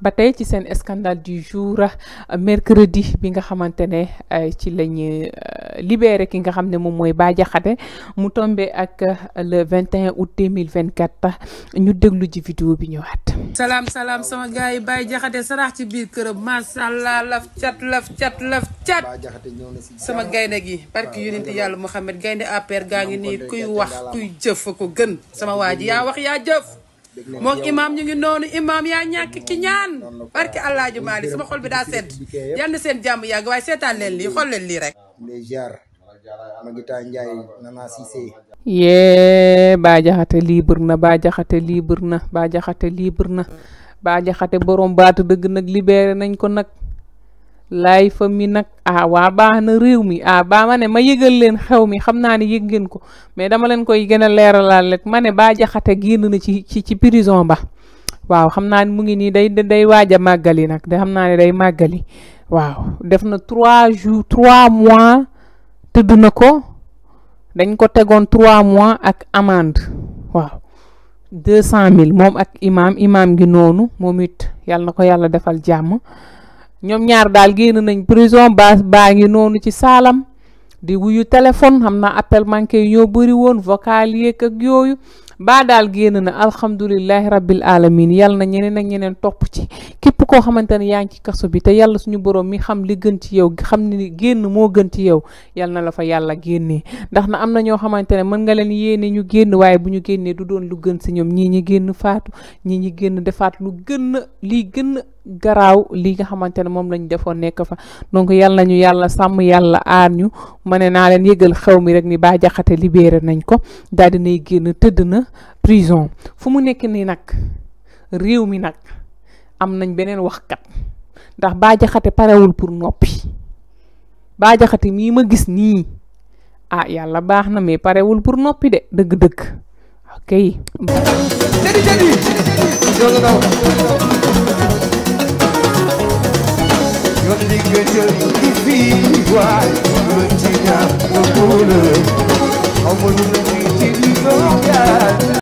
ba tey ci seen scandale du jour mercredi bi nga xamante ne ci lañu libéré ki nga xam ne moom mooy Bah Diakhaté mu tombé ak euh, le 21 août 2024 ñu déglu ji vidéo bi ñëwaat. salaam salaam sama gars yi Bah Diakhaté ci biir këram macha allah laf cat laf cat laf cat. sama gaynde gi barki yonenti yàlla Mouhamed gaynde APR gaa ngi nii kuy wax kuy jëf ko gën sama waaj ya wax yaa jëf. moom imaam ñu ngi noonu imaam yaa ñàkk ki ñaan barke El Hadj Malick sama xol bi daa sedd yal seen jàmm yàgg waaye seetaan leen lii xool leen lii rek. les jar Magita yee Bah Diakhaté libre na Bah Diakhaté libre na Bah Diakhaté libre na Bah Diakhaté borom baatu dëgg nag libéré nañ ko nag laay fa mi nag ah waa baax na réew mi ah baa ma ne ma yëgal leen xew mi xam naa ne yëg ngeen ko mais dama leen koy gën a laal rek ma ne Bah Diakhaté génn na ci ci ci prison ba waaw xam naa ne mu ngi nii day day waaj a màggali nag da xam naa ne day màggali waaw def na trois jours trois mois tëdd na ko dañ ko tegoon trois mois ak amende waaw deux cent mille moom ak imam imaam ngi noonu moom it yàlla na ko yàlla defal jàmm ñoom ñaar daal génn nañ prison ba baa ngi noonu ci saalam di wuyu téléphone xam naa appel manqué yi ñoo bëri woon vocal yeeg ak yooyu baa daal génn na alhamdulilahi rabbil alamin yàlla na ñeneen ak ñeneen topp ci képp koo xamante ne yaa ngi ci kaso bi te yàlla suñu borom mi xam li gën ci yow xam ni génn moo gën ci yow yàlla na la fa yàlla génnee ndax na am na ñoo xamante ne mën nga leen yéene ñu génn waaye bu ñu génnee du doon lu gën si ñoom ñii ñi génn faatu ñii ñi génn defaat lu gën lii gënn garaw li nga xamantene mom moom lañ defoon fa donc yalla nañu yalla sam yalla aar ñu ma ne naa leen xew mi rek ni ba jaxate libéré nañ ko dal dina génn teud na prison fu mu nek ni nak rew mi nak am nañ wax kat ndax Bah Diakhaté parewul pour nopi ba jaxate mi ma gis ni ah yalla baxna mais parewul pour nopi de jadi jangan tahu que je vis Moi, me tiens au boulot En mon outil du vent